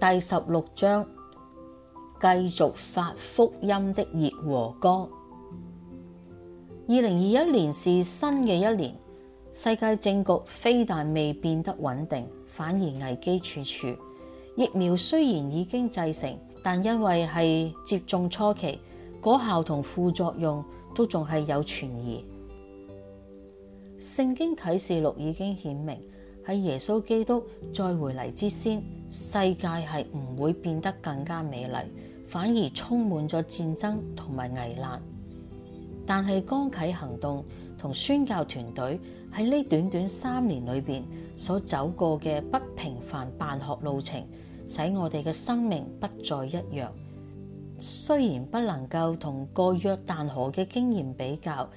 第十六章繼續發福音的熱和光。二零二一年是新嘅一年，世界政局非但未變得穩定，反而危機處處。疫苗雖然已經製成，但因為係接種初期，果效同副作用都仲係有存疑。聖經啟示錄已經顯明，喺耶穌基督再回嚟之先。世界係唔會變得更加美麗，反而充滿咗戰爭同埋危難。但係江啟行動同宣教團隊喺呢短短三年裏邊所走過嘅不平凡辦學路程，使我哋嘅生命不再一樣。雖然不能夠同過約但河嘅經驗比較，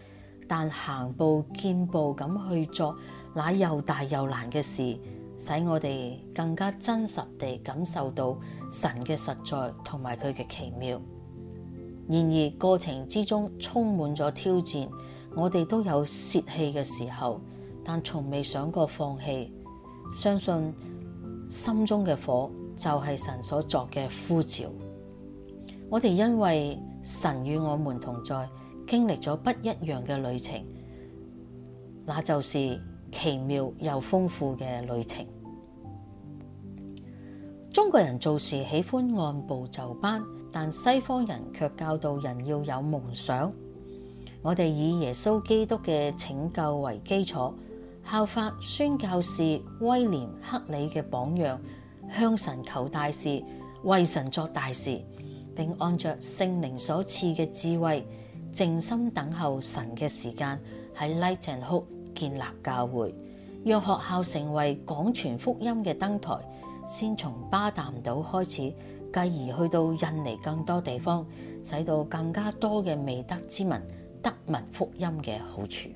但行步見步咁去做，那又大又難嘅事。使我哋更加真實地感受到神嘅實在同埋佢嘅奇妙。然而過程之中充滿咗挑戰，我哋都有洩氣嘅時候，但從未想過放棄。相信心中嘅火就係神所作嘅呼召。我哋因為神與我們同在，經歷咗不一樣嘅旅程，那就是。奇妙又豐富嘅旅程。中國人做事喜歡按部就班，但西方人卻教導人要有夢想。我哋以耶穌基督嘅拯救為基礎，效法宣教士威廉克里嘅榜樣，向神求大事，為神作大事，並按着聖靈所賜嘅智慧，靜心等候神嘅時間，喺 Light and Hope。建立教會，讓學校成為廣傳福音嘅燈台。先從巴淡島開始，繼而去到印尼更多地方，使到更加多嘅未得之民得聞福音嘅好處。